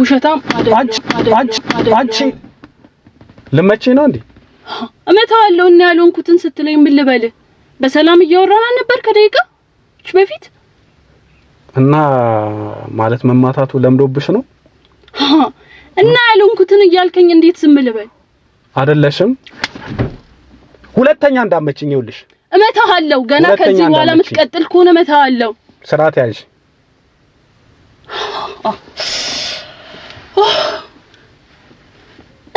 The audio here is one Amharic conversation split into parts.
ውሸታም አንቺ ልመቼ ነው እንዴ? እና ያልሆንኩትን ስትለኝ ምን ልበልህ? በሰላም እያወራን አልነበር ከደቂቃዎች በፊት? እና ማለት መማታቱ ለምዶብሽ ነው? እና ያልሆንኩትን እያልከኝ እንዴት ዝም ልበል? አይደለሽም። ሁለተኛ እንዳመችኝ ገና ከዚህ በኋላ የምትቀጥል ከሆነ ስርዓት ያዥ።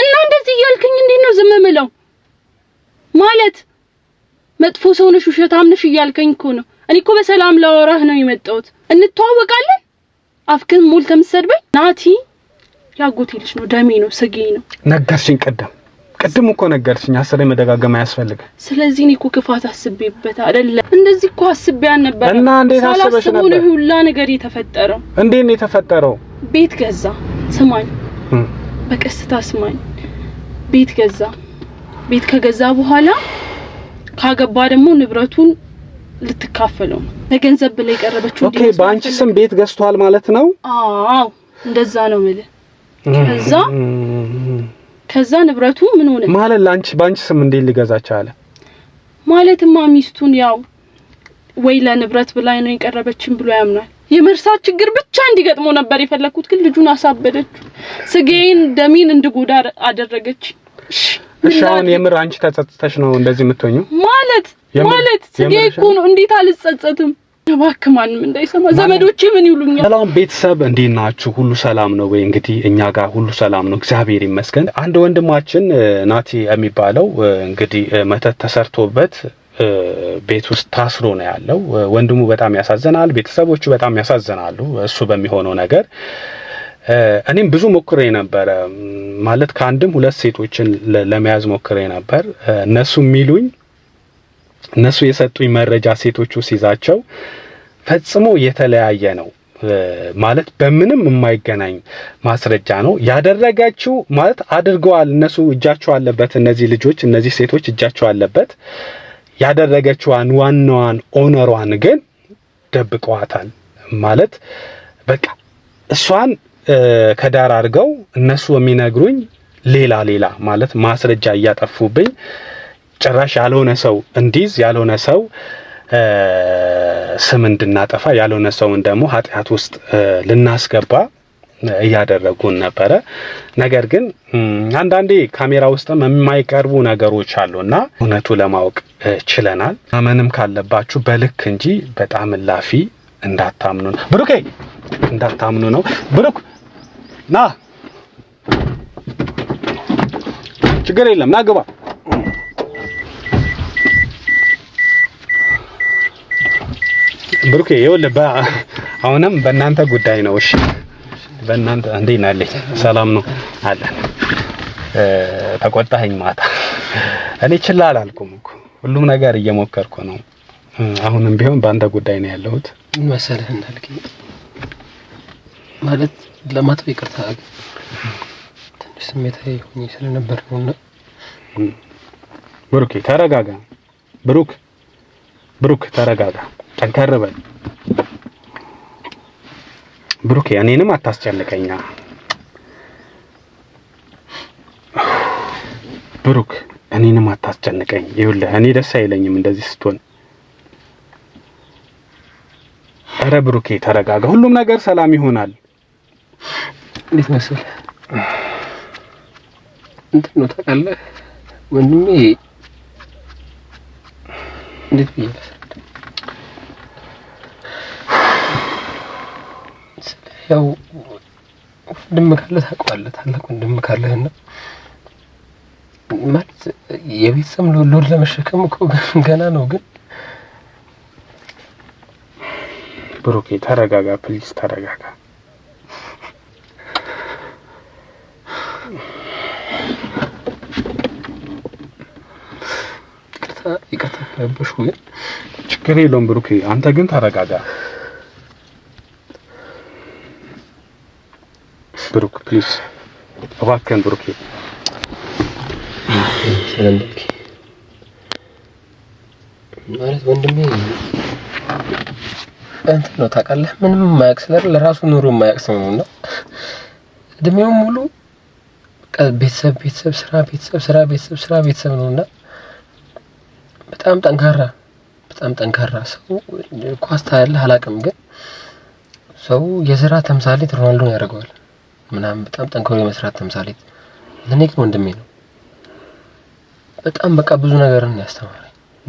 እና እንደዚህ እያልከኝ እንዴት ነው ዝም ምለው? ማለት መጥፎ ሰው ነሽ፣ ውሸታም ነሽ እያልከኝ እኮ ነው። እኔ እኮ በሰላም ላወራህ ነው የመጣሁት። እንተዋወቃለን። አፍክን ሙል የምትሰድበኝ ናቲ ያጎቴ ልጅ ነው፣ ደሜ ነው፣ ስጌ ነው። ነገርሽኝ። ቅድም ቅድም እኮ ነገርሽኝ። ሀሳብ መደጋገም አያስፈልግም። ስለዚህ እኔ እኮ ክፋት አስቤበት አይደለ? እንደዚህ እኮ አስቤ ነበር። እና እንዴት አስበሽ ነበር? ሁላ ነገር የተፈጠረው እንዴት ነው የተፈጠረው? ቤት ገዛ ስማኝ፣ በቀስታ ስማኝ። ቤት ገዛ። ቤት ከገዛ በኋላ ካገባ ደግሞ ንብረቱን ልትካፈለው በገንዘብ ብላ የቀረበችው። ኦኬ፣ በአንቺ ስም ቤት ገዝቷል ማለት ነው? አዎ፣ እንደዛ ነው የምልህ። ከዛ ከዛ ንብረቱ ምን ሆነ ማለት? ላንቺ በአንቺ ስም እንዴት ሊገዛች አለ? ማለትማ ሚስቱን ያው ወይ ለንብረት ብላ ነው የቀረበችን ብሎ ያምናል። የመርሳት ችግር ብቻ እንዲገጥሞ ነበር የፈለኩት፣ ግን ልጁን አሳበደችው። ስጋዬን ደሜን እንድጎዳ አደረገች። እሺ የምር አንቺ ተጸጽተሽ ነው እንደዚህ የምትሆኚው? ማለት ማለት ስጋዬ እኮ ነው። እንዴት አልጸጸትም? እባክህ ማንም እንዳይሰማ ዘመዶቼ ምን ይሉኛል። ሰላም ቤተሰብ እንዴት ናችሁ? ሁሉ ሰላም ነው ወይ? እንግዲህ እኛ ጋር ሁሉ ሰላም ነው፣ እግዚአብሔር ይመስገን። አንድ ወንድማችን ናቲ የሚባለው እንግዲህ መተት ተሰርቶበት ቤት ውስጥ ታስሮ ነው ያለው። ወንድሙ በጣም ያሳዘናል፣ ቤተሰቦቹ በጣም ያሳዘናሉ። እሱ በሚሆነው ነገር እኔም ብዙ ሞክሬ ነበረ፣ ማለት ከአንድም ሁለት ሴቶችን ለመያዝ ሞክሬ ነበር። እነሱ የሚሉኝ እነሱ የሰጡኝ መረጃ ሴቶቹ ሲይዛቸው ፈጽሞ የተለያየ ነው ማለት በምንም የማይገናኝ ማስረጃ ነው ያደረገችው። ማለት አድርገዋል፣ እነሱ እጃቸው አለበት፣ እነዚህ ልጆች እነዚህ ሴቶች እጃቸው አለበት ያደረገችዋን ዋናዋን ኦነሯን ግን ደብቀዋታል። ማለት በቃ እሷን ከዳር አድርገው እነሱ የሚነግሩኝ ሌላ ሌላ ማለት ማስረጃ እያጠፉብኝ ጭራሽ ያልሆነ ሰው እንዲዝ ያልሆነ ሰው ስም እንድናጠፋ ያልሆነ ሰውን ደግሞ ኃጢአት ውስጥ ልናስገባ እያደረጉን ነበረ። ነገር ግን አንዳንዴ ካሜራ ውስጥም የማይቀርቡ ነገሮች አሉና እውነቱ ለማወቅ ችለናል። አመንም ካለባችሁ በልክ እንጂ በጣም እላፊ እንዳታምኑ ነው። ብሩኬ እንዳታምኑ ነው። ብሩክ ና፣ ችግር የለም ና ግባ። ብሩኬ ይኸውልህ፣ አሁንም በእናንተ ጉዳይ ነው እሺ በእናንተ እንዴት ናለች? ሰላም ነው አለን። ተቆጣኸኝ ማታ። እኔ ችላ አላልኩም እኮ ሁሉም ነገር እየሞከርኩ ነው። አሁንም ቢሆን በአንተ ጉዳይ ነው ያለሁት ምን መሰለህ። እንዳልከኝ ማለት ለማጥፍ ይቅርታ ትንሽ ስሜታዊ ሆኜ ስለነበር ነውና ብሩክ ተረጋጋ። ብሩክ ብሩክ ተረጋጋ፣ ጠንከር በል ብሩኬ እኔንም አታስጨንቀኛ ብሩክ እኔንም አታስጨንቀኝ ይኸውልህ እኔ ደስ አይለኝም እንደዚህ ስትሆን ኧረ ብሩኬ ተረጋጋ ሁሉም ነገር ሰላም ይሆናል እንዴት መሰለህ እንትን ነው ታውቃለህ ወንድሜ እንዴት ብዬሽ ያው ወንድም ካለ ታውቀዋለህ፣ ታላቅ ወንድም ካለህ እና ማለት የቤተሰብ ሎድ ለመሸከም እኮ ገና ነው። ግን ብሩኬ ተረጋጋ፣ ፕሊዝ ተረጋጋ። ይቅርታ ይቅርታ፣ ግን ችግር የለውም ብሩኬ፣ አንተ ግን ተረጋጋ። ብሩክ ፕሊዝ፣ እባክህን ብሩክ። ሰላም ብሩክ ማለት ወንድሜ አንተ ነው ታውቃለህ፣ ምንም የማያውቅ ስለር ለራሱ ኑሮ የማያውቅ ሰው ነውና እድሜው ሙሉ ቤተሰብ ቤተሰብ ስራ ቤተሰብ ስራ ቤተሰብ ስራ ቤተሰብ በጣም ጠንካራ በጣም ጠንካራ ሰው ኳስታ ያለ አላውቅም፣ ግን ሰው የስራ ተምሳሌት ሮናልዶን ያደርገዋል። ምናምን በጣም ጠንክሮ የመስራት ተምሳሌት። እኔ ግን ወንድሜ ነው በጣም በቃ ብዙ ነገርን ያስተማረኝ።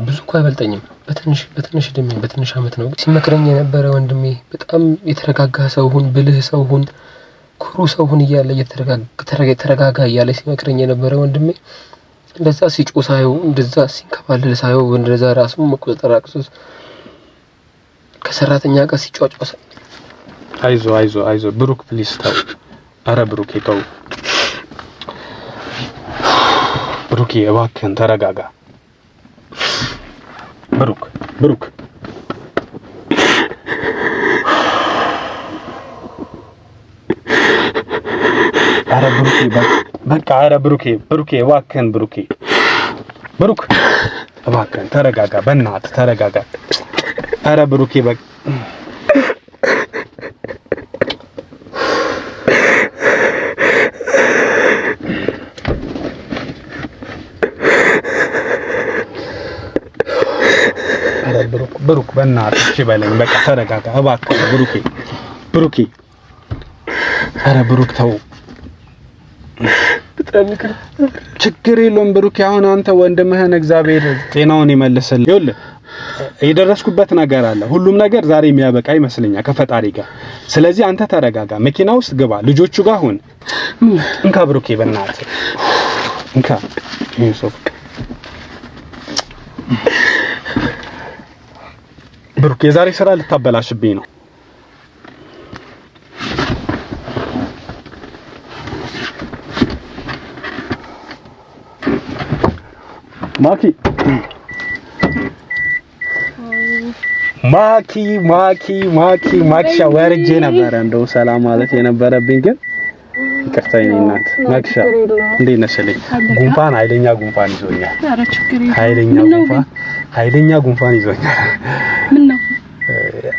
ብዙ እኮ አይበልጠኝም። በትንሽ በትንሽ እድሜ በትንሽ አመት ነው ሲመክረኝ የነበረ ወንድሜ። በጣም የተረጋጋ ሰው ሁን፣ ብልህ ሰው ሁን፣ ኩሩ ሰው ሁን እያለ የተረጋጋ እያለ ሲመክረኝ የነበረ ወንድሜ እንደዛ ሲጮ ሳየው፣ እንደዛ ሲንከባልል ሳየው፣ እንደዛ ራሱ መቆጣጠር አቅቶት ከሰራተኛ ጋር ሲጫጫው አይዞ አይዞ አይዞ ብሩክ ፕሊስ ታው አረ ብሩኬ ተው ብሩኬ፣ እባክህን ተረጋጋ። ብሩክ ብሩክ አረ ብሩኬ በቃ አረ ብሩኬ ብሩኬ እባክህን ብሩኬ ብሩክ እባክህን ተረጋጋ፣ በእናትህ ተረጋጋ። አረ ብሩኬ በቃ ብሩክ በእናትህ እሺ በለኝ። በቃ ተረጋጋ እባክህ ብሩኬ፣ ብሩኬ። ኧረ ብሩክ ተው፣ ችግር የለውም ብሩኬ። አሁን አንተ ወንድምህን እግዚአብሔር ጤናውን ይመልስልህ። ይኸውልህ የደረስኩበት ነገር አለ። ሁሉም ነገር ዛሬ የሚያበቃ ይመስለኛል ከፈጣሪ ጋር። ስለዚህ አንተ ተረጋጋ፣ መኪና ውስጥ ግባ፣ ልጆቹ ጋር ሁን። እንካ ብሩኬ፣ በእናትህ እንካ ብሩክ የዛሬ ስራ ልታበላሽብኝ ነው። ማኪ ማኪ ማኪ ማኪ ማክሻ ወርጄ ነበረ እንደው ሰላም ማለት የነበረብኝ ግን ይቅርታ የኔ እናት ማክሻ እንዴት ነሽልኝ? ጉንፋን ኃይለኛ ጉንፋን ይዞኛል። ኃይለኛ ጉንፋን ኃይለኛ ጉንፋን ይዞኛል። ምን ነው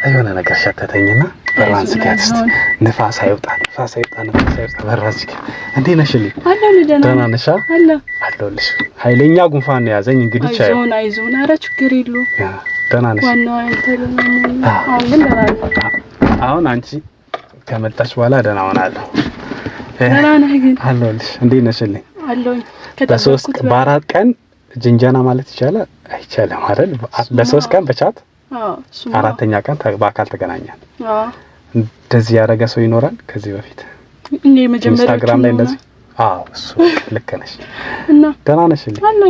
የሆነ ነገር ሸተተኝና በራን ስጋት እስቲ ንፋስ አይውጣ ንፋስ አይውጣ ንፋስ አይውጣ በራን ስጋት። እንዴት ነሽ? ልጅ ደህና ነሽ? አለሁልሽ። ኃይለኛ ጉንፋን ነው ያዘኝ። እንግዲህ ቻይ አይዞን አይዞን፣ ኧረ ችግር የለውም። ደህና ነሽ? አሁን አንቺ ከመጣሽ በኋላ ደህና ሆናለሁ። ደህና ነህ ግን? አለሁልሽ። እንዴት ልጅ አለሁኝ። በሶስት በአራት ቀን ጅንጃና ማለት ይቻላል አይቻልም አይደል? በሶስት ቀን በቻት አራተኛ ቀን በአካል ተገናኛል። እንደዚህ ያደረገ ሰው ይኖራል? ከዚህ በፊት ኢንስታግራም ላይ እንደዚህ አዎ፣ እሱ ልክ ነሽ። ደህና ነሽ?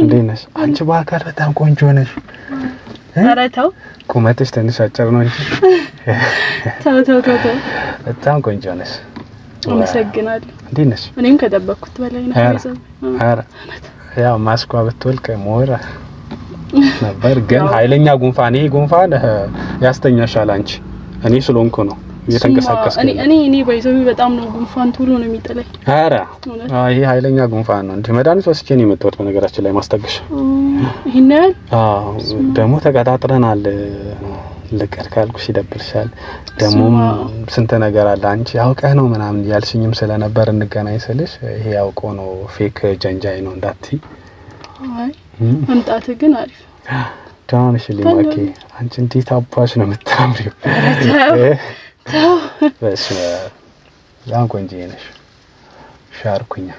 እንዴት ነሽ? አንቺ በአካል በጣም ቆንጆ ነሽ። ኧረ ቁመትሽ ትንሽ አጭር ነው እንጂ ተው ተው ተው ተው፣ በጣም ቆንጆ ነሽ። አመሰግናለሁ። እንዴት ነሽ? እኔም ከጠበቅኩት በላይ ነው። ኧረ ያው ማስኳ ብትወልቅ ሞር ነበር፣ ግን ኃይለኛ ጉንፋን። ይሄ ጉንፋን ያስተኛሻል አንቺ። እኔ ስለሆንኩ ነው እየተንቀሳቀስኩ። እኔ እኔ ባይዘው በጣም ነው ጉንፋን ቶሎ ነው የሚጠላኝ። ኧረ ይሄ ኃይለኛ ጉንፋን ነው እንዴ! መድኃኒት ወስጄ ነው የመጣሁት። በነገራችን ላይ ማስታገሻ ይሄን አዎ፣ ደግሞ ተቀጣጥረናል ልቀር ካልኩሽ ይደብርሻል፣ ደግሞም ስንት ነገር አለ አንቺ አውቀህ ነው ምናምን ያልሽኝም ስለነበር እንገናኝ ስልሽ ይሄ ያውቀው ነው ፌክ ጀንጃይ ነው እንዳት አይ መምጣት ግን አሪፍ ደህና ነሽ ሊማኬ? አንቺ እንዴት አባሽ ነው የምታምሪው! በስ በጣም ቆንጆ ነሽ። ሻርኩኛ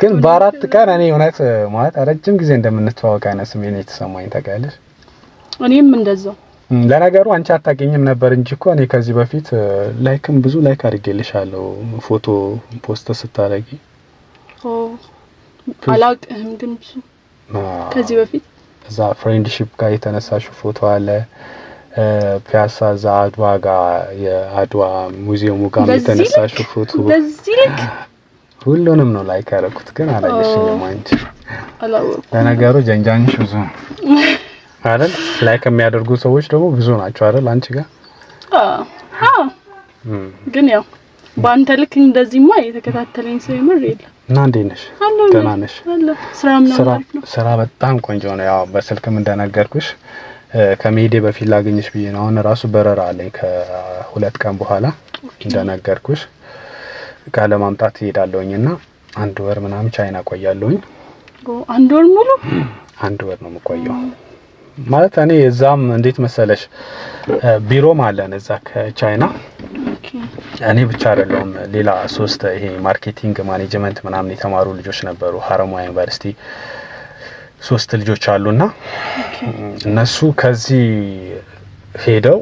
ግን በአራት ቀን እኔ እውነት ማለት ረጅም ጊዜ እንደምንተዋወቅ አይነት ስሜት የተሰማኝ ታውቂያለሽ። እኔም እንደዛው። ለነገሩ አንቺ አታገኝም ነበር እንጂ እኮ እኔ ከዚህ በፊት ላይክም ብዙ ላይክ አድርጌልሻለሁ፣ ፎቶ ፖስት ስታደርጊ አላውቅህም፣ ግን ብዙ ከዚህ በፊት እዛ ፍሬንድሺፕ ጋር የተነሳሽው ፎቶ አለ ፒያሳ እዛ አድዋ ጋር የአድዋ ሙዚየሙ ጋር የተነሳሽ ፎቶ ሁሉንም ነው ላይክ ያደረኩት፣ ግን አላየሽኝም አንቺ። ለነገሩ ጀንጃንሽ ብዙ ነው። አይደል? ላይክ የሚያደርጉ ሰዎች ደግሞ ብዙ ናቸው አይደል? አንቺ ጋር አዎ። ግን ያው በአንተ ልክ እንደዚህማ የተከታተለኝ ሰው ይምር የለም። እና እንዴት ነሽ? ደህና ነሽ? ስራ በጣም ቆንጆ ነው። ያው በስልክም እንደነገርኩሽ ከመሄዴ በፊት ላገኘሽ ብዬ ነው። አሁን ራሱ በረራ አለኝ ከሁለት ቀን በኋላ እንደነገርኩሽ እቃ ለማምጣት እሄዳለሁኝ እና አንድ ወር ምናምን ቻይና ቆያለሁኝ። አንድ ወር ሙሉ አንድ ወር ነው የምቆየው። ማለት እኔ እዛም እንዴት መሰለሽ ቢሮም አለን እዛ ከቻይና እኔ ብቻ አይደለሁም። ሌላ ሶስት ይሄ ማርኬቲንግ ማኔጅመንት ምናምን የተማሩ ልጆች ነበሩ ሀረማያ ዩኒቨርሲቲ ሶስት ልጆች አሉና እነሱ ከዚህ ሄደው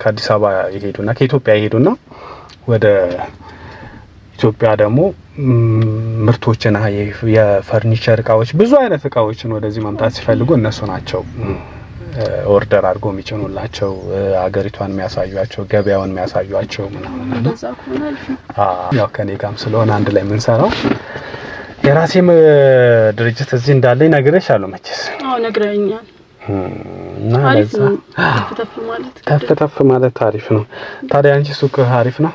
ከአዲስ አበባ ይሄዱና ከኢትዮጵያ ይሄዱና ወደ ኢትዮጵያ ደግሞ ምርቶችና የፈርኒቸር እቃዎች ብዙ አይነት እቃዎችን ወደዚህ ማምጣት ሲፈልጉ እነሱ ናቸው ኦርደር አድርጎ የሚጭኑላቸው አገሪቷን የሚያሳዩቸው ገበያውን የሚያሳዩቸው ምናምን። ያው ከኔ ጋም ስለሆነ አንድ ላይ የምንሰራው የራሴም ድርጅት እዚህ እንዳለኝ ነገረች መቼስ። አዎ ነግረኛል። ተፍ ተፍ ማለት አሪፍ ነው። ታዲያ አንቺ ሱቅ አሪፍ ነው?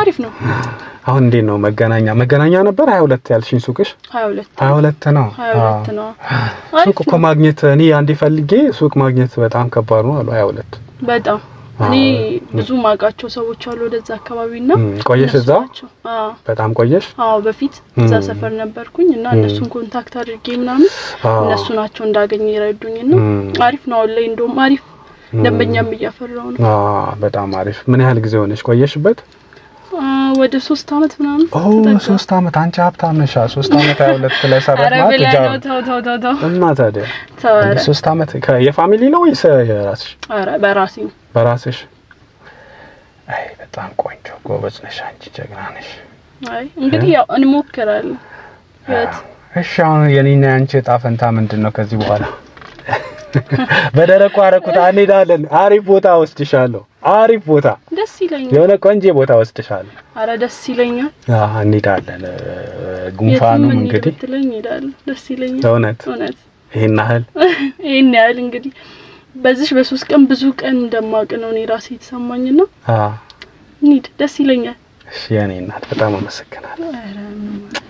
አሪፍ ነው። አሁን እንዴት ነው መገናኛ መገናኛ ነበር 22 ያልሽኝ ሱቅሽ 22 22 ነው 22 ነው ሱቅ እኮ ማግኘት እኔ አንዴ ፈልጌ ሱቅ ማግኘት በጣም ከባድ ነው አሉ 22 በጣም እኔ ብዙ ማውቃቸው ሰዎች አሉ ወደዛ አካባቢና ቆየሽ እዛ በጣም ቆየሽ አዎ በፊት እዛ ሰፈር ነበርኩኝ እና እነሱን ኮንታክት አድርጌ ምናምን እነሱ ናቸው እንዳገኘ ይረዱኝና አሪፍ ነው አሁን ላይ እንደውም አሪፍ ደንበኛም እያፈራው ነው በጣም አሪፍ ምን ያህል ጊዜ ሆነሽ ቆየሽበት ወደ ሶስት አመት ምናምን ኦ ሶስት አመት አንቺ ሀብታም ነሽ። ሶስት አመት ሀያ ሁለት ላይ ሰራት ማለት ጃ እና ታዲያ ሶስት አመት የፋሚሊ ነው ወይስ የራስሽ? አረ በራሴ በራስሽ። አይ በጣም ቆንጆ ጎበዝ ነሽ አንቺ፣ ጀግና ነሽ። አይ እንግዲህ ያው እንሞክራለን። እሺ አሁን የኔና ያንቺ እጣ ፈንታ ምንድን ነው ከዚህ በኋላ? በደረቁ አረኩት። እንሄዳለን። አሪፍ ቦታ ወስድሻለሁ። አሪፍ ቦታ ደስ ይለኛል። የሆነ ቆንጆ ቦታ ወስድሻለሁ። አረ ደስ ይለኛል። አህ እንሄዳለን። ጉንፋኑም እንግዲህ ደስ ይለኛል። እውነት እውነት። ይሄን ያህል ይሄን ያህል እንግዲህ በዚህ በሶስት ቀን ብዙ ቀን እንደማውቅ ነው እኔ ራሴ የተሰማኝና፣ አዎ እንሂድ፣ ደስ ይለኛል። እሺ የኔ እናት በጣም አመሰግናለሁ።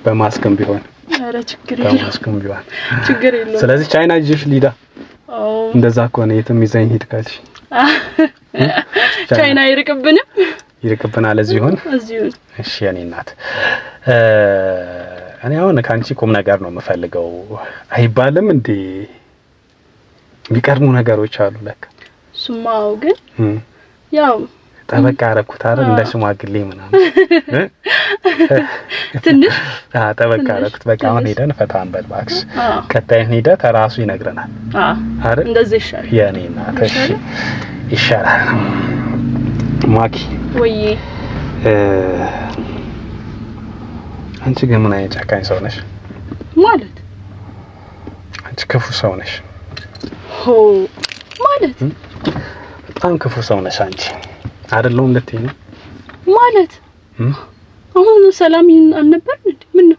በማስክም ቢሆን ኧረ ችግር የለውም። በማስክም ቢሆን ችግር የለውም። ስለዚህ ቻይና ይዤሽ ሊዳ እንደዛ ከሆነ የትም ይዘኝ ሂድ ካልሽ ቻይና ይርቅብንም ይርቅብናል። እዚህ ይሁን እዚህ ይሁን። እሺ የኔ እናት፣ እኔ አሁን ከአንቺ ቁም ነገር ነው የምፈልገው። አይባልም እንዴ የሚቀድሙ ነገሮች አሉ ለካ። እሱማ ግን ያው ጠበቅ አደረኩት አይደል? እንደ ሽማግሌ ምናምን ትንሽ ጠበቅ አደረኩት። በቃ አሁን ሄደን ፈታን እንበል እባክሽ። ቀጣይን ሂደት ራሱ ይነግረናል አይደል? እንደዚህ ይሻላል፣ የኔ እናት ይሻላል። ማኪ ወይ አንቺ ግን ምን አይነት ጨካኝ ሰው ነሽ? ማለት አንቺ ክፉ ሰው ነሽ። ሆ ማለት በጣም ክፉ ሰው ነሽ አንቺ አይደለሁም። ሁለቴ ነው ማለት አሁን ሰላም አልነበር እንዴ? ምን ነው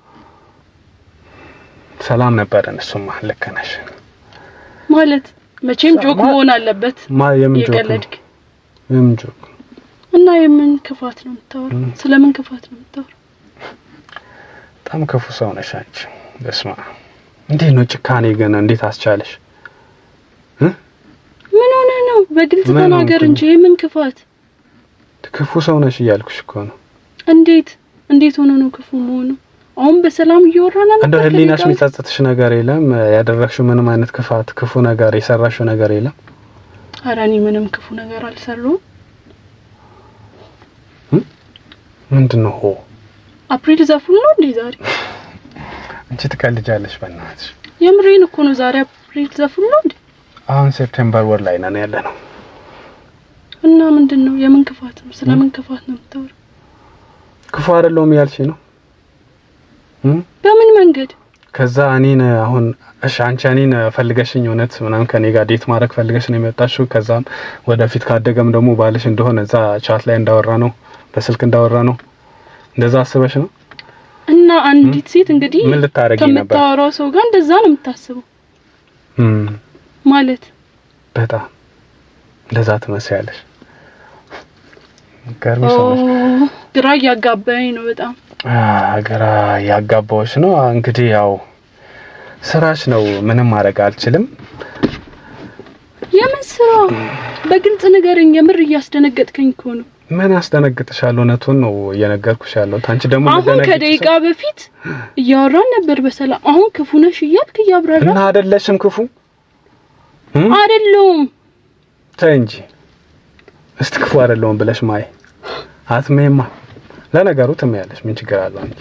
ሰላም ነበር። እሱማ ልክ ነሽ። ማለት መቼም ጆክ መሆን አለበት። ጆክ የቀለድክ የምን ጆክ እና የምን ክፋት ነው የምታወራው? ስለምን ክፋት ነው የምታወራው? በጣም ክፉ ሰው ነሽ አንቺ። በስመ አብ! እንዴት ነው ጭካኔ ገና እንዴት አስቻለሽ? ምን ሆነ ነው? በግልጽ ተናገር እንጂ የምን ክፋት ክፉ ሰው ነሽ እያልኩሽ እኮ ነው። እንዴት እንዴት ሆኖ ነው ክፉ መሆኑ? አሁን በሰላም እየወራና ነው። እንደው ህሊናሽ የሚጸጽትሽ ነገር የለም? ያደረግሽው ምንም አይነት ክፋት፣ ክፉ ነገር የሰራሽው ነገር የለም? ኧረ እኔ ምንም ክፉ ነገር አልሰራሁም። ምንድን ነው ሆ አፕሪል ዘፉን ነው እንዴ ዛሬ? አንቺ ትቀልጃለሽ በእናትሽ። የምሬን እኮ ነው። ዛሬ አፕሪል ዘፉን ነው እንዴ? አሁን ሴፕቴምበር ወር ላይ ነን ያለ ነው። እና ምንድን ነው የምን ክፋት ነው? ስለ ምን ክፋት ነው የምታወራው? ክፉ አይደለሁም ያልሽ ነው። በምን መንገድ? ከዛ እኔን አሁን እሺ፣ አንቺ እኔን ፈልገሽኝ እውነት ምናምን ከኔ ጋር ዴት ማድረግ ፈልገሽ ነው የመጣሽው። ከዛም ወደፊት ካደገም ደግሞ ባልሽ እንደሆነ እዛ ቻት ላይ እንዳወራ ነው በስልክ እንዳወራ ነው እንደዛ አስበሽ ነው። እና አንዲት ሴት እንግዲህ ምን ልታረጊ ነበር? ከምታወራው ሰው ጋር እንደዛ ነው የምታስበው ማለት በጣም እንደዛ ትመስያለሽ። ግራ እያጋባኝ ነው በጣም ግራ እያጋባዎች ነው። እንግዲህ ያው ስራሽ ነው፣ ምንም ማድረግ አልችልም። የምን ስራ? በግልጽ ንገረኝ። የምር እያስደነገጥከኝ እኮ ነው። ምን አስደነግጥሻለሁ? እውነቱን ነው እየነገርኩሽ ያለሁት። አንቺ ደግሞ አሁን ከደቂቃ በፊት እያወራን ነበር በሰላም። አሁን ክፉ ነሽ እያልክ እያብራራ እና አይደለሽም። ክፉ አይደለሁም። ተይ እንጂ እስቲ ክፉ አይደለሁም ብለሽ ማይ አትሜማ ለነገሩ ትሜያለሽ። ምን ችግር አለው አንቺ?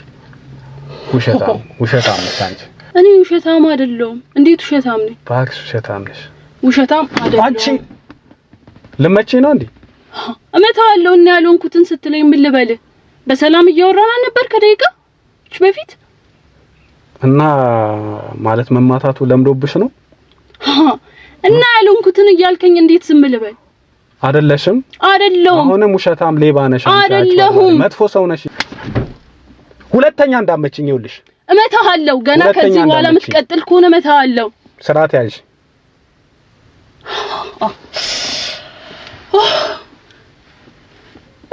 ውሸታም ውሸታም ነሽ አንቺ። እኔ ውሸታም አይደለሁም። እንዴት ውሸታም ነኝ? እባክሽ ውሸታም ነሽ። ውሸታም አይደለሁም አንቺ። ልመቼ ነው እንዴ? እመታለሁ እና ያልሆንኩትን ስትለኝ ምን ልበል? በሰላም እያወራን ነበር ከደቂቃ በፊት እና ማለት መማታቱ ለምዶብሽ ነው እና ያልሆንኩትን እያልከኝ እንዴት ዝም ልበል? አይደለሽም? አይደለሁም። አሁንም ውሸታም ሌባ ነሽ። አይደለሁም። መጥፎ ሰው ነሽ። ሁለተኛ እንዳመችኝ ይኸውልሽ፣ እመታሃለሁ። ገና ከዚህ በኋላ የምትቀጥል ከሆነ እመታሃለሁ። ስርዓት ያዥ።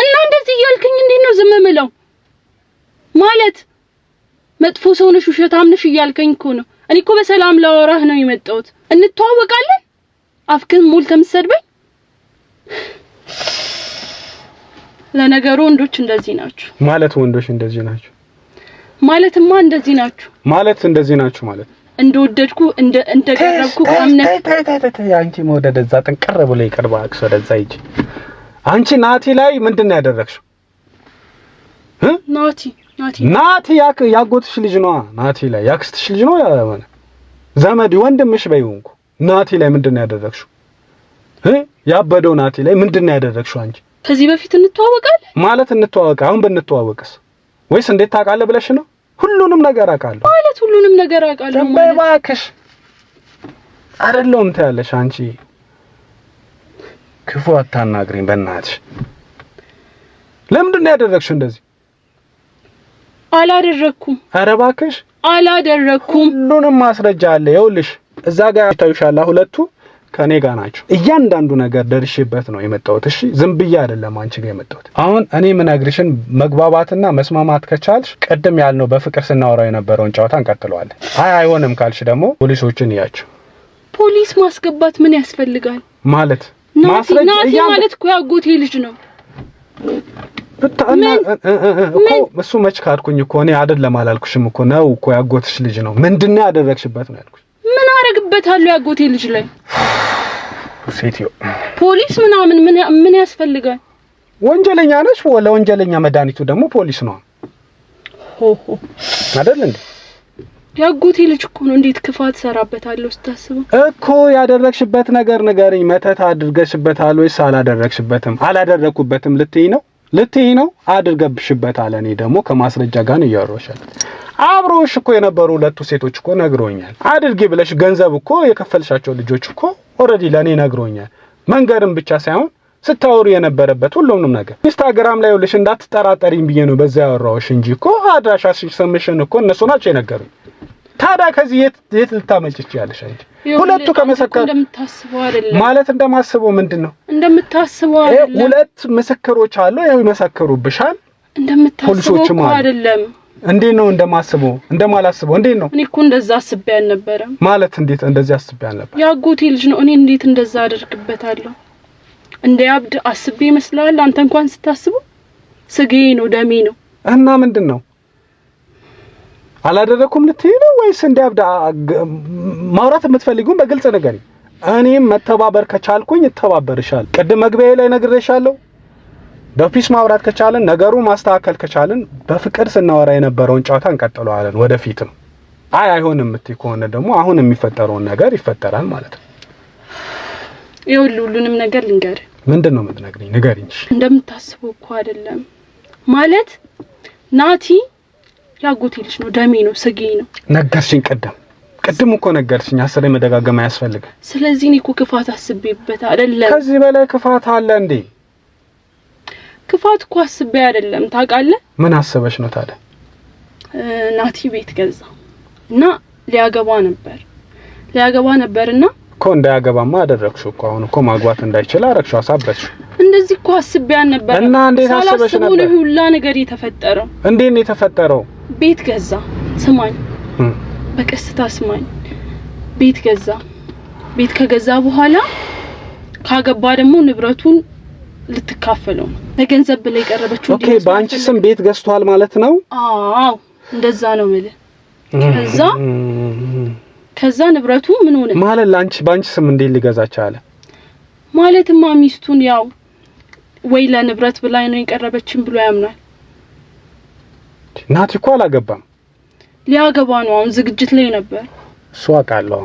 እና እንደዚህ እያልክኝ እንዴት ነው ዝም ምለው? ማለት መጥፎ ሰው ነሽ፣ ውሸታም ነሽ እያልከኝ እኮ ነው። እኔ እኮ በሰላም ላወራህ ነው የመጣሁት። እንተዋወቃለን። አፍክን ሞልተህ የምትሰድበኝ ለነገሩ ወንዶች እንደዚህ ናችሁ ማለት ወንዶች እንደዚህ ናችሁ ማለትማ እንደዚህ ናችሁ ማለት እንደዚህ ናችሁ ማለት እንደወደድኩ እንደ እንደገረብኩ አምነህ ታይ ታይ ታይ አንቺ መውደድ እዛ ጥንቅር ብሎ ይቀርባ አክሶ ወደዛ ይጂ አንቺ ናቲ ላይ ምንድን ነው ያደረግሽው? ናቲ ናቲ ናቲ ያክ ያጎትሽ ልጅ ነዋ። ናቲ ላይ ያክስትሽ ልጅ ነው ዘመድ ወንድምሽ በይው ናቲ ላይ ምንድን ነው ያደረግሽው? ያበደው ናቴ ላይ ምንድን ነው ያደረግሽው አንቺ? ከዚህ በፊት እንተዋወቃል ማለት እንተዋወቅ አሁን ብንተዋወቅስ ወይስ እንዴት ታውቃለህ ብለሽ ነው? ሁሉንም ነገር አውቃለሁ ማለት ሁሉንም ነገር አውቃለሁ ማለት እባክሽ አይደለሁም ትያለሽ አንቺ። ክፉ አታናግሪኝ በእናትሽ። ለምንድን ነው ያደረግሽው እንደዚህ? አላደረኩም። ኧረ እባክሽ አላደረኩም። ሁሉንም ማስረጃ አለ። ይኸውልሽ እዛ ጋር ታዩሻላ ሁለቱ ከእኔ ጋር ናቸው። እያንዳንዱ ነገር ደርሼበት ነው የመጣሁት። እሺ ዝም ብዬ አይደለም አንቺ ጋር የመጣሁት። አሁን እኔ ምነግርሽን መግባባትና መስማማት ከቻልሽ ቅድም ያልነው በፍቅር ስናወራው የነበረውን ጨዋታ እንቀጥለዋለን። አይ አይሆንም ካልሽ ደግሞ ፖሊሶችን እያቸው። ፖሊስ ማስገባት ምን ያስፈልጋል? ማለት ናቲ ማለት እኮ ያጎቴ ልጅ ነው እሱ መች ካድኩኝ እኮ እኔ አይደለም አላልኩሽም እኮ ነው እኮ ያጎትሽ ልጅ ነው። ምንድን ነው ያደረግሽበት ነው ያልኩሽ። ምን አደርግበታለሁ? ያጎቴ ልጅ ላይ ሴትዮ ፖሊስ ምናምን ምን ያስፈልጋል? ወንጀለኛ ነሽ። ለወንጀለኛ መድኃኒቱ ደግሞ ፖሊስ ነው አይደል እንዴ? ያጎቴ ልጅ እኮ ነው። እንዴት ክፋት ሰራበታለሁ? ስታስበው እኮ ያደረግሽበት ነገር ንገረኝ። መተት አድርገሽበታል ወይስ አላደረግሽበትም? አላደረግኩበትም ልትይ ነው ልትይ ነው። አድርገብሽበታል። እኔ ደግሞ ከማስረጃ ጋር ነው እያወራሁሽ አብሮሽ እኮ የነበሩ ሁለቱ ሴቶች እኮ ነግሮኛል። አድርጊ ብለሽ ገንዘብ እኮ የከፈልሻቸው ልጆች እኮ ኦልሬዲ ለእኔ ነግሮኛል። መንገርም ብቻ ሳይሆን ስታወሩ የነበረበት ሁሉንም ነገር ኢንስታግራም ላይ ሁልሽ እንዳትጠራጠሪኝ ብዬ ነው በዛ ያወራሁሽ እንጂ እኮ አድራሻሽን ስምሽን እኮ እነሱ ናቸው የነገሩኝ። ታዲያ ከዚህ የት የት ልታመልጭ ትችያለሽ? አንቺ ሁለቱ ከመሰከረ እንደምታስበው አይደለም ማለት እንደማስበው ምንድን ነው እንደምታስበው አይደለም። ሁለት ምስክሮች አሉ፣ ይኸው ይመሰክሩብሻል። እንደምታስበው አይደለም እንዴት ነው እንደማስበው እንደማላስበው? እንዴት ነው? እኔ እኮ እንደዛ አስቤ አልነበረም። ማለት እንዴት እንደዚህ አስቤ አልነበረም? የአጎቴ ልጅ ነው። እኔ እንዴት እንደዛ አደርግበታለሁ? እንደ አብድ አስቤ ይመስላል? አንተ እንኳን ስታስበው ስጋዬ ነው ደሜ ነው። እና ምንድን ነው አላደረኩም ልትይ ነው ወይስ እንደ አብድ ማውራት የምትፈልጉን በግልጽ ነገር እኔም መተባበር ከቻልኩኝ እተባበርሻለሁ። ቅድም መግቢያ ላይ ነግሬሻለሁ። በፒስ ማውራት ከቻለን ነገሩ ማስተካከል ከቻልን በፍቅር ስናወራ የነበረውን ጨዋታ እንቀጥለዋለን ወደፊትም። አይ አይሆንም የምትይ ከሆነ ደግሞ አሁን የሚፈጠረውን ነገር ይፈጠራል ማለት ነው። ይሁሉ ሁሉንም ነገር ልንገር። ምንድን ነው የምትነግሪኝ? ንገሪኝ። እንደምታስበው እኮ አይደለም ማለት ናቲ ያጎቴ ልጅ ነው፣ ደሜ ነው፣ ስጌ ነው። ነገርሽኝ። ቅድም ቅድም እኮ ነገርሽኝ። አስሬ መደጋገም አያስፈልግም። ስለዚህ እኔ እኮ ክፋት አስቤበት አይደለም። ከዚህ በላይ ክፋት አለ እንዴ? ክፋት እኮ አስቤ አይደለም ታውቃለህ። ምን አስበሽ ነው ታዲያ? ናቲ ቤት ገዛ እና ሊያገባ ነበር ሊያገባ ነበርና እኮ እንዳያገባማ አደረግሽው እኮ። አሁን እኮ ማግባት እንዳይችል አደረግሽው፣ አሳበድሽው። እንደዚህ እኮ አስቤ አልነበረም እና እንዴት አስበሽ ነበር? ሳላስበው ሁላ ነገር የተፈጠረው። እንዴት ነው የተፈጠረው? ቤት ገዛ። ስማኝ፣ በቀስታ ስማኝ። ቤት ገዛ። ቤት ከገዛ በኋላ ካገባ ደግሞ ንብረቱን ልትካፈለው ነው። በገንዘብ ብላ የቀረበችው ኦኬ፣ በአንቺ ስም ቤት ገዝቷል ማለት ነው። አዎ እንደዛ ነው ምል ከዛ ከዛ ንብረቱ ምን ሆነ ማለት ላንቺ ባንቺ ስም እንዴት ሊገዛ ቻለ? ማለትማ ሚስቱን ያው ወይ ለንብረት ብላ ነው የቀረበችን ብሎ ያምናል። ናት እኮ አላገባም። ሊያገባ ነው አሁን ዝግጅት ላይ ነበር። እሱ አውቃለሁ።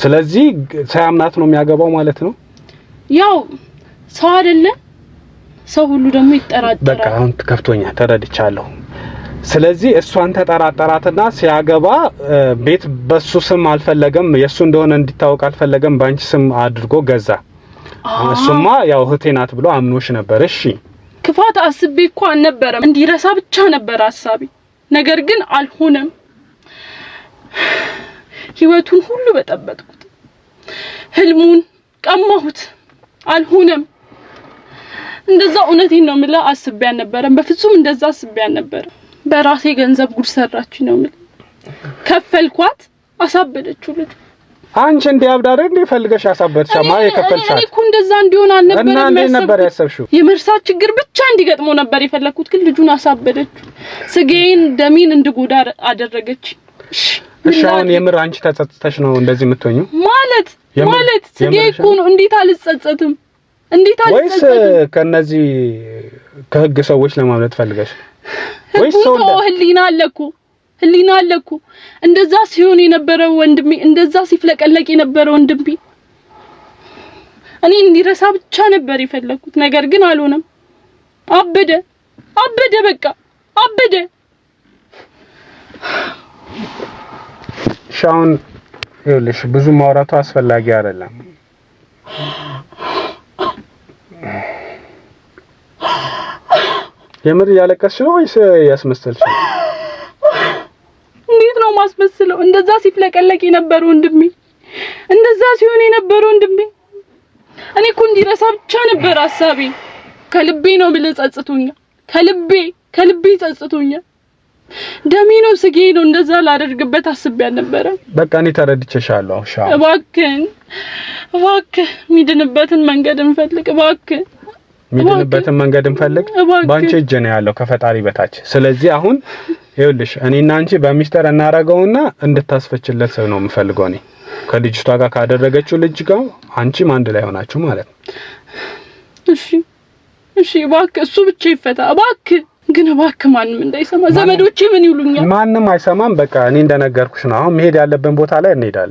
ስለዚህ ሳያምናት ነው የሚያገባው ማለት ነው ያው ሰው አይደለም። ሰው ሁሉ ደግሞ ይጠራጠራል። በቃ አሁን ከፍቶኛል፣ ተረድቻለሁ። ስለዚህ እሷን ተጠራጠራትና ሲያገባ ቤት በሱ ስም አልፈለገም፣ የሱ እንደሆነ እንዲታወቅ አልፈለገም። በአንቺ ስም አድርጎ ገዛ። እሱማ ያው እህቴ ናት ብሎ አምኖሽ ነበር። እሺ ክፋት አስቤ እኮ አልነበረም፣ እንዲረሳ ብቻ ነበር ሀሳቤ። ነገር ግን አልሆነም። ህይወቱን ሁሉ በጠበጥኩት፣ ህልሙን ቀማሁት፣ አልሆነም። እንደዛ እውነቴን ነው የምልህ አስቤ አልነበረም። በፍጹም እንደዛ አስቤ አልነበረም። በራሴ ገንዘብ ጉድ ሰራችኝ ነው የምልህ። ከፈልኳት፣ አሳበደችው ልጅ አንቺ እንዲህ አብዳ አይደል እንዴ ፈልገሽ ያሳበድሽ? ማ የከፈልሽ? እኔ እኮ እንደዛ እንዲሆን አልነበረም እና እንዴት ነበር ያሰብሽው? የመርሳት ችግር ብቻ እንዲገጥመው ነበር የፈለኩት፣ ግን ልጁን አሳበደች። ስጋዬን ደሜን እንድጎዳ አደረገች። እሺ አሁን የምር አንቺ ተጸጽተሽ ነው እንደዚህ የምትሆኚው? ማለት ማለት ስጋዬ እኮ ነው። እንዴት አልጸጸትም? እንዴት ወይስ ከነዚህ ከህግ ሰዎች ለማምለጥ ፈልገሽ ወይስ ሰው ህሊና አለኩ ህሊና አለኩ። እንደዛ ሲሆን የነበረው ወንድሜ እንደዛ ሲፍለቀለቅ የነበረው ወንድሜ እኔ እንዲረሳ ብቻ ነበር የፈለኩት ነገር ግን አልሆነም አበደ አበደ በቃ አበደ ሻውን ይኸውልሽ ብዙ ማውራቱ አስፈላጊ አይደለም የምር ያለቀስ ነው ወይስ ያስመሰልሽ? እንዴት ነው ማስመስለው? እንደዛ ሲፍለቀለቅ የነበረ ወንድሜ፣ እንደዛ ሲሆን የነበረ ወንድሜ፣ እኔ እኮ እንዲረሳ ብቻ ነበር ሀሳቤ። ከልቤ ነው ብለህ ጸጽቶኛል። ከልቤ ከልቤ ጸጽቶኛል። ደሜ ነው ስጌ ነው። እንደዛ ላደርግበት አስቤ አልነበረ። በቃ እኔ ተረድቼሻለሁ። እባክህን እባክህ የሚድንበትን መንገድ እንፈልግ። እባክህ የሚድንበትን መንገድ እንፈልግ። ባንቺ እጅ ነው ያለው ከፈጣሪ በታች። ስለዚህ አሁን ይኸውልሽ እኔና አንቺ በሚስጥር እናደርገውና እንድታስፈችለት ሰው ነው የምፈልገው እኔ ከልጅቷ ጋር ካደረገችው ልጅ ጋር አንቺም አንድ ላይ ሆናችሁ ማለት ነው። እሺ እሺ፣ እባክህ እሱ ብቻ ይፈታ እባክህ። ግን እባክህ ማንም እንዳይሰማ፣ ዘመዶቼ ምን ይሉኛል? ማንም አይሰማም። በቃ እኔ እንደነገርኩሽ ነው። አሁን መሄድ ያለብን ቦታ ላይ እንሄዳለን።